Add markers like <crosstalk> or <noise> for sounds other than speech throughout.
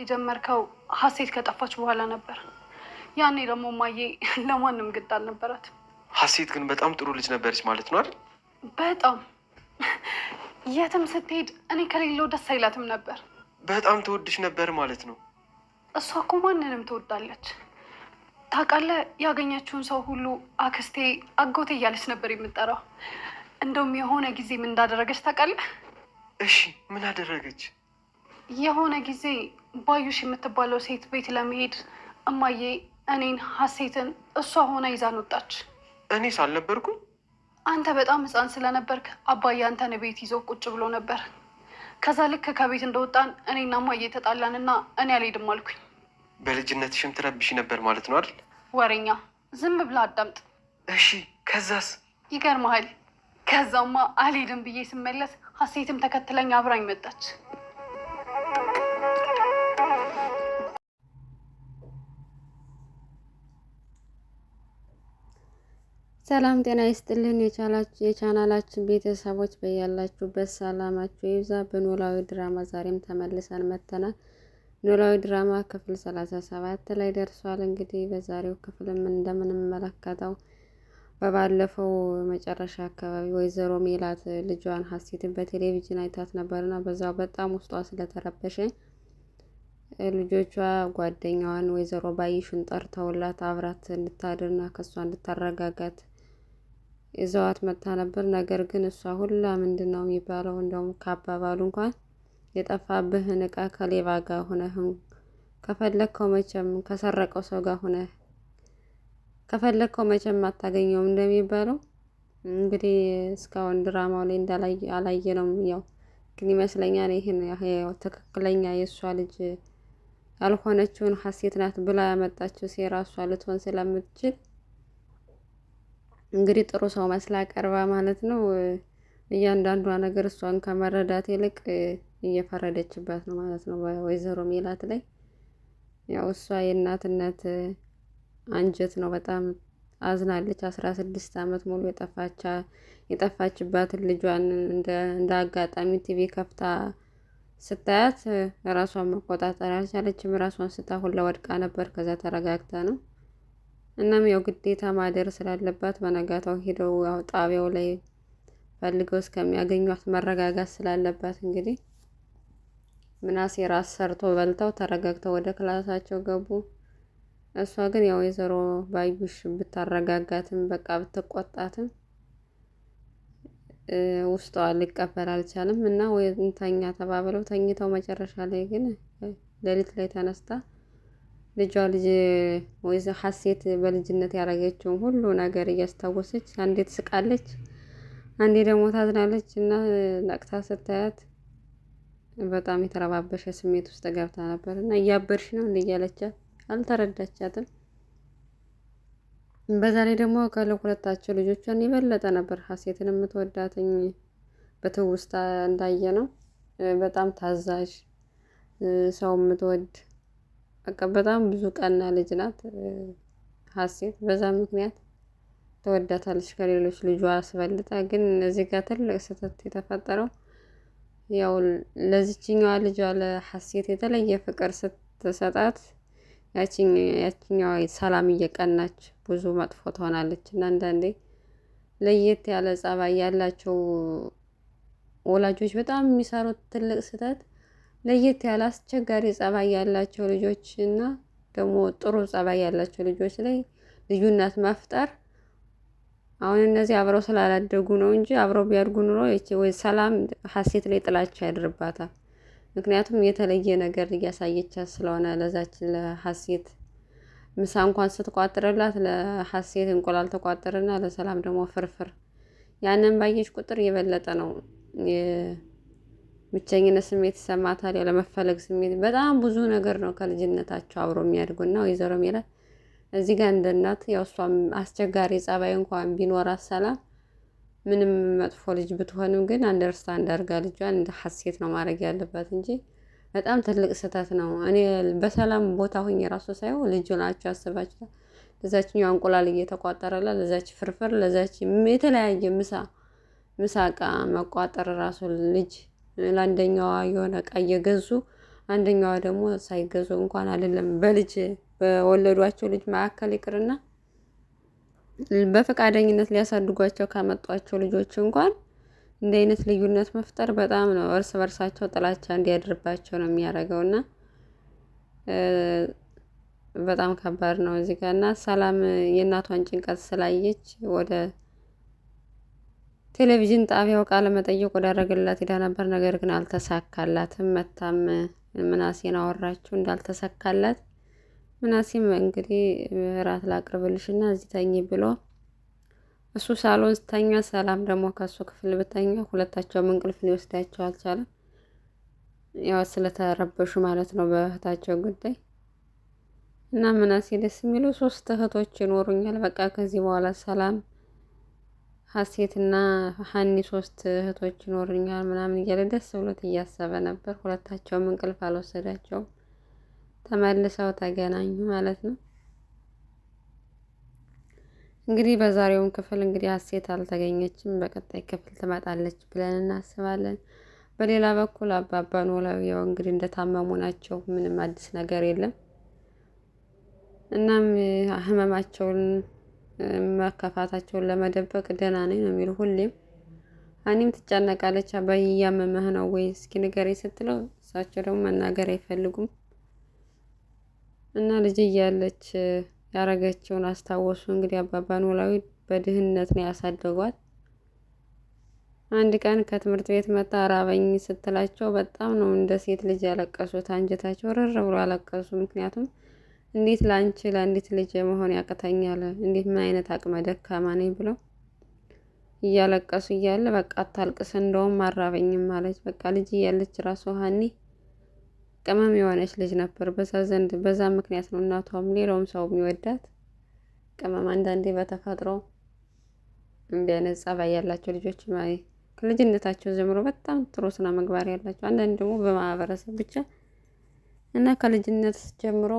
የጀመርከው ሀሴት ከጠፋች በኋላ ነበር። ያኔ ደግሞ ማዬ <laughs> ለማንም ግድ አልነበራት። ሀሴት ግን በጣም ጥሩ ልጅ ነበረች ማለት ነው አይደል? በጣም <laughs> የትም ስትሄድ እኔ ከሌለው ደስ አይላትም ነበር። በጣም ትወድሽ ነበር ማለት ነው። እሷ እኮ ማንንም ትወዳለች ታውቃለህ። ያገኘችውን ሰው ሁሉ አክስቴ፣ አጎቴ እያለች ነበር የምጠራው። እንደውም የሆነ ጊዜ ምን እንዳደረገች ታውቃለህ? እሺ ምን አደረገች? የሆነ ጊዜ ባዩሽ የምትባለው ሴት ቤት ለመሄድ እማዬ እኔን ሀሴትን እሷ ሆና ይዛን ወጣች። እኔ ሳልነበርኩ አንተ በጣም ህፃን ስለነበርክ አባዬ አንተን ቤት ይዞ ቁጭ ብሎ ነበር። ከዛ ልክ ከቤት እንደወጣን እኔና እማዬ ተጣላን እና እኔ አልሄድም አልኩኝ። በልጅነት ሽምትረብሽ ትረብሽ ነበር ማለት ነው አይደል? ወሬኛ ዝም ብላ አዳምጥ እሺ። ከዛስ? ይገርመሃል። ከዛማ አልሄድም ብዬ ስመለስ ሀሴትም ተከትለኝ አብራኝ መጣች። ሰላም ጤና ይስጥልን የቻናላችን ቤተሰቦች በያላችሁበት ሰላማችሁ ይብዛ። በኖላዊ ድራማ ዛሬም ተመልሰን መተናል። ኖላዊ ድራማ ክፍል ሰላሳ ሰባት ላይ ደርሷል። እንግዲህ በዛሬው ክፍልም እንደምንመለከተው በባለፈው መጨረሻ አካባቢ ወይዘሮ ሜላት ልጇን ሀሴትን በቴሌቪዥን አይታት ነበርና በዛው በጣም ውስጧ ስለተረበሸ ልጆቿ ጓደኛዋን ወይዘሮ ባይሹን ጠርተውላት አብራት እንድታድርና ከእሷ እንድታረጋጋት ይዘዋት መጥታ ነበር። ነገር ግን እሷ ሁላ ምንድን ነው የሚባለው እንደውም ከአባባሉ እንኳን የጠፋብህን እቃ ከሌባ ጋር ሁነህ ከፈለግከው መቼም ከሰረቀው ሰው ጋር ሁነህ ከፈለግከው መቼም አታገኘውም እንደሚባለው እንግዲህ እስካሁን ድራማው ላይ እንዳላየ ነው። ያው ግን ይመስለኛል ይህን ትክክለኛ የእሷ ልጅ ያልሆነችውን ሀሴት ናት ብላ ያመጣችው ሴራ እሷ ልትሆን ስለምትችል እንግዲህ ጥሩ ሰው መስላ ቀርባ ማለት ነው። እያንዳንዷ ነገር እሷን ከመረዳት ይልቅ እየፈረደችባት ነው ማለት ነው በወይዘሮ ሜላት ላይ። ያው እሷ የእናትነት አንጀት ነው በጣም አዝናለች። አስራ ስድስት አመት ሙሉ የጠፋቻ የጠፋችባትን ልጇን እንደ አጋጣሚ ቲቪ ከፍታ ስታያት ራሷን መቆጣጠር አልቻለችም። ራሷን ስታ ሁላ ወድቃ ነበር። ከዛ ተረጋግታ ነው እናም ያው ግዴታ ማደር ስላለባት በነጋታው ሄደው ያው ጣቢያው ላይ ፈልገው እስከሚያገኟት መረጋጋት ስላለባት እንግዲህ ምናሴ ራስ ሰርቶ በልተው ተረጋግተው ወደ ክላሳቸው ገቡ። እሷ ግን ያው ወይዘሮ ባዩሽ ብታረጋጋትም በቃ ብትቆጣትም ውስጧ ሊቀበል አልቻለም እና ወይ እንተኛ ተባብለው ተኝተው መጨረሻ ላይ ግን ሌሊት ላይ ተነስታ ልጇ ልጅ ወይዘ ሀሴት በልጅነት ያደረገችውን ሁሉ ነገር እያስታወሰች አንዴ ትስቃለች፣ አንዴ ደግሞ ታዝናለች እና ነቅታ ስታያት በጣም የተረባበሸ ስሜት ውስጥ ገብታ ነበር እና እያበድሽ ነው እያለቻት አልተረዳቻትም። በዛ ላይ ደግሞ ከሁለታቸው ልጆቿን የበለጠ ነበር ሀሴትን የምትወዳትኝ በትውስታ እንዳየ ነው። በጣም ታዛዥ ሰው የምትወድ በቃ በጣም ብዙ ቀና ልጅ ናት ሀሴት። በዛ ምክንያት ተወዳታለች ከሌሎች ልጇ አስበልጣ። ግን እዚህ ጋር ትልቅ ስህተት የተፈጠረው ያው ለዚችኛዋ ልጇ ለሀሴት የተለየ ፍቅር ስትሰጣት ያችኛዋ ሰላም እየቀናች ብዙ መጥፎ ትሆናለች። እና አንዳንዴ ለየት ያለ ጸባይ ያላቸው ወላጆች በጣም የሚሰሩት ትልቅ ስህተት ለየት ያለ አስቸጋሪ ጸባይ ያላቸው ልጆች እና ደግሞ ጥሩ ጸባይ ያላቸው ልጆች ላይ ልዩነት መፍጠር አሁን እነዚህ አብረው ስላላደጉ ነው እንጂ አብረው ቢያድጉ ኑሮ ወይ ሰላም ሀሴት ላይ ጥላቸው ያድርባታል። ምክንያቱም የተለየ ነገር እያሳየቻት ስለሆነ ለዛች ለሀሴት ምሳ እንኳን ስትቋጥርላት ለሀሴት እንቁላል ተቋጥርና ለሰላም ደግሞ ፍርፍር። ያንን ባየች ቁጥር የበለጠ ነው ብቸኝነት ስሜት ይሰማታል። ያለመፈለግ ስሜት በጣም ብዙ ነገር ነው ከልጅነታቸው አብሮ የሚያድጉና ወይዘሮ ሜላት እዚህ ጋር እንደ እናት ያው እሷም አስቸጋሪ ጸባይ እንኳን ቢኖራት ሰላም ምንም መጥፎ ልጅ ብትሆንም ግን አንደርስታንድ አድርጋ ልጇን እንደ ሀሴት ነው ማድረግ ያለባት እንጂ በጣም ትልቅ ስህተት ነው። እኔ በሰላም ቦታ ሁኝ የራሱ ሳይሆን ልጁ ናቸው ያስባችኋል። ለዛችኛው እንቁላል እየተቋጠረላ ለዛች ፍርፍር፣ ለዛች የተለያየ ምሳ ምሳቃ መቋጠር ራሱ ልጅ ለአንደኛዋ የሆነ እቃ እየገዙ አንደኛዋ ደግሞ ሳይገዙ እንኳን አይደለም በልጅ በወለዷቸው ልጅ መካከል ይቅርና በፈቃደኝነት ሊያሳድጓቸው ካመጧቸው ልጆች እንኳን እንዲህ አይነት ልዩነት መፍጠር በጣም ነው እርስ በርሳቸው ጥላቻ እንዲያድርባቸው ነው የሚያደርገው እና በጣም ከባድ ነው እዚህ ጋር እና ሰላም የእናቷን ጭንቀት ስላየች ወደ ቴሌቪዥን ጣቢያው ቃለ መጠየቅ ወዳደረገላት ሄዳ ነበር። ነገር ግን አልተሳካላትም። መታም ምናሴን አወራችው እንዳልተሳካላት። ምናሴም እንግዲህ እራት ላቅርብልሽ እና እዚህ ተኝ ብሎ እሱ ሳሎን ስተኛ፣ ሰላም ደግሞ ከሱ ክፍል ብተኛ ሁለታቸውም እንቅልፍ ሊወስዳቸው አልቻለም። ያው ስለተረበሹ ማለት ነው በእህታቸው ጉዳይ እና ምናሴ ደስ የሚሉ ሶስት እህቶች ይኖሩኛል፣ በቃ ከዚህ በኋላ ሰላም ሀሴትና ሀኒ ሶስት እህቶች ይኖርኛል ምናምን እያለ ደስ ብሎት እያሰበ ነበር። ሁለታቸውም እንቅልፍ አልወሰዳቸውም። ተመልሰው ተገናኙ ማለት ነው። እንግዲህ በዛሬውም ክፍል እንግዲህ ሀሴት አልተገኘችም። በቀጣይ ክፍል ትመጣለች ብለን እናስባለን። በሌላ በኩል አባባ ኖላዊ ያው እንግዲህ እንደታመሙ ናቸው። ምንም አዲስ ነገር የለም። እናም ህመማቸውን መከፋታቸውን ለመደበቅ ደህና ነኝ ነው የሚሉ ሁሌም። አኒም ትጨነቃለች። አባዬ እያመመህ ነው ወይ እስኪ ንገረኝ ስትለው እሳቸው ደግሞ መናገር አይፈልጉም እና ልጅ እያለች ያረገችውን አስታወሱ። እንግዲህ አባባ ኖላዊ በድህነት ነው ያሳደጓት። አንድ ቀን ከትምህርት ቤት መጣ ራበኝ ስትላቸው በጣም ነው እንደ ሴት ልጅ ያለቀሱት። አንጀታቸው ርር ብሎ አለቀሱ። ምክንያቱም እንዴት ላንቺ ለአንዲት ልጅ መሆን ያቅተኛል? እንዴት ምን አይነት አቅመ ደካማ ነኝ ብሎ እያለቀሱ እያለ በቃ አታልቅስ፣ እንደውም አራበኝም አለች። በቃ ልጅ እያለች ራሱ ሀኒ ቅመም የሆነች ልጅ ነበር። በዛ ዘንድ በዛ ምክንያት ነው እናቷም ሌላውም ሰው የሚወዳት። ቅመም አንዳንዴ በተፈጥሮ እንዲህ አይነት ጸባይ ያላቸው ልጆች ከልጅነታቸው ጀምሮ በጣም ጥሩ ስነ ምግባር ያላቸው፣ አንዳንድ ደግሞ በማህበረሰብ ብቻ እና ከልጅነት ጀምሮ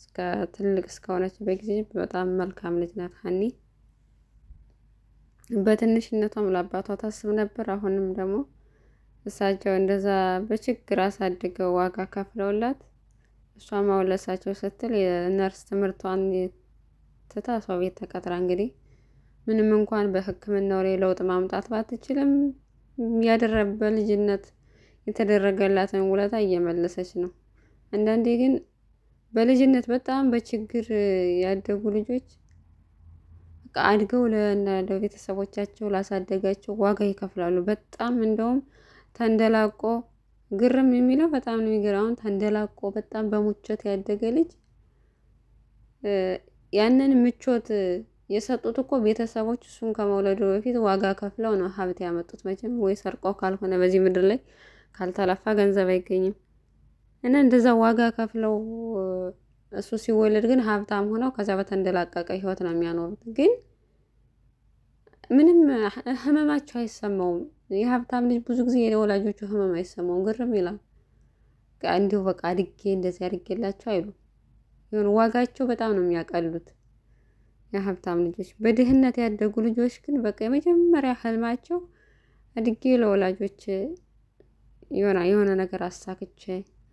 እስከ ትልቅ እስከሆነችበት ጊዜ በጣም መልካም ልጅ ናት ሀኒ። በትንሽነቷም ለአባቷ ታስብ ነበር። አሁንም ደግሞ እሳቸው እንደዛ በችግር አሳድገው ዋጋ ከፍለውላት እሷ ማውለሳቸው ስትል የነርስ ትምህርቷን ትታ ሰው ቤት ተቀጥራ እንግዲህ ምንም እንኳን በሕክምናው ለውጥ ማምጣት ባትችልም ያደረበ ልጅነት የተደረገላትን ውለታ እየመለሰች ነው። አንዳንዴ ግን በልጅነት በጣም በችግር ያደጉ ልጆች አድገው ለቤተሰቦቻቸው ላሳደጋቸው ዋጋ ይከፍላሉ። በጣም እንደውም ተንደላቆ ግርም የሚለው በጣም ነው የሚገርም። አሁን ተንደላቆ በጣም በሙቾት ያደገ ልጅ ያንን ምቾት የሰጡት እኮ ቤተሰቦች እሱን ከመውለዱ በፊት ዋጋ ከፍለው ነው ሀብት ያመጡት። መቼም ወይ ሰርቆ ካልሆነ በዚህ ምድር ላይ ካልተለፋ ገንዘብ አይገኝም። እና እንደዛ ዋጋ ከፍለው እሱ ሲወለድ ግን ሀብታም ሆነው ከዚያ በተንደላቀቀ ህይወት ነው የሚያኖሩት። ግን ምንም ህመማቸው አይሰማውም። የሀብታም ልጅ ብዙ ጊዜ የወላጆቹ ህመም አይሰማውም፣ ግርም ይላል። እንዲሁ በቃ አድጌ እንደዚህ አድጌላቸው አይሉ የሆነ ዋጋቸው በጣም ነው የሚያቀሉት የሀብታም ልጆች። በድህነት ያደጉ ልጆች ግን በቃ የመጀመሪያ ህልማቸው አድጌ ለወላጆች የሆነ የሆነ ነገር አሳክቼ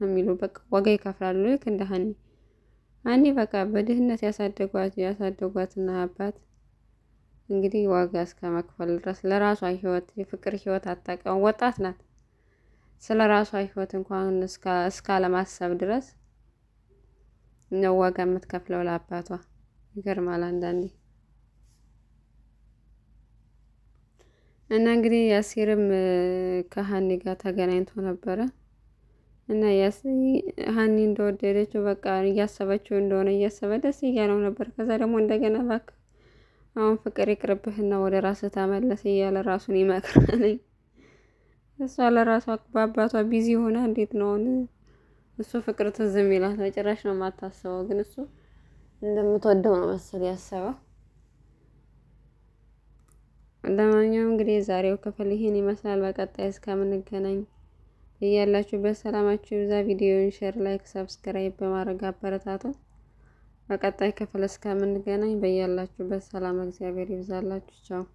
የሚሉ በቃ ዋጋ ይከፍላሉ። ልክ እንደ ሀኒ ሀኒ በቃ በድህነት ያሳደጓት ያሳደጓትና አባት እንግዲህ ዋጋ እስከ መክፈል ድረስ ለራሷ ህይወት የፍቅር ህይወት አታውቅም። ወጣት ናት። ስለ ራሷ ህይወት እንኳን እስካለማሰብ ድረስ ነው ዋጋ የምትከፍለው ለአባቷ። ይገርማል አንዳንዴ። እና እንግዲህ ያሲርም ከሀኒ ጋር ተገናኝቶ ነበረ እና ሀኒ እንደወደደችው በቃ እያሰበችው እንደሆነ እያሰበ ደስ እያለው ነበር። ከዛ ደግሞ እንደገና ባክ አሁን ፍቅር ይቅርብህና ወደ ራስ ተመለስ እያለ ራሱን ይመክራል። እሷ ለራሷ በአባቷ ቢዚ ሆና እንዴት ነው እሱ ፍቅር ትዝ የሚላት? በጭራሽ ነው የማታስበው። ግን እሱ እንደምትወደው ነው መሰል ያሰበው። ለማንኛውም እንግዲህ የዛሬው ክፍል ይህን ይመስላል። በቀጣይ እስከምንገናኝ እያላችሁበት ሰላማችሁ ይብዛ። ቪዲዮውን ሼር፣ ላይክ፣ ሰብስክራይብ በማድረግ አበረታቱ። በቀጣይ ክፍል እስከምንገናኝ በያላችሁበት ሰላም እግዚአብሔር ይብዛላችሁ። ቻው